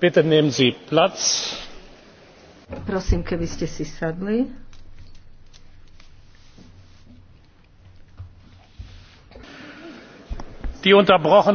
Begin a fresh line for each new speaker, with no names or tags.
bitte nehmen sie platz.
prosím keby ste si sadli.
die unterbrochene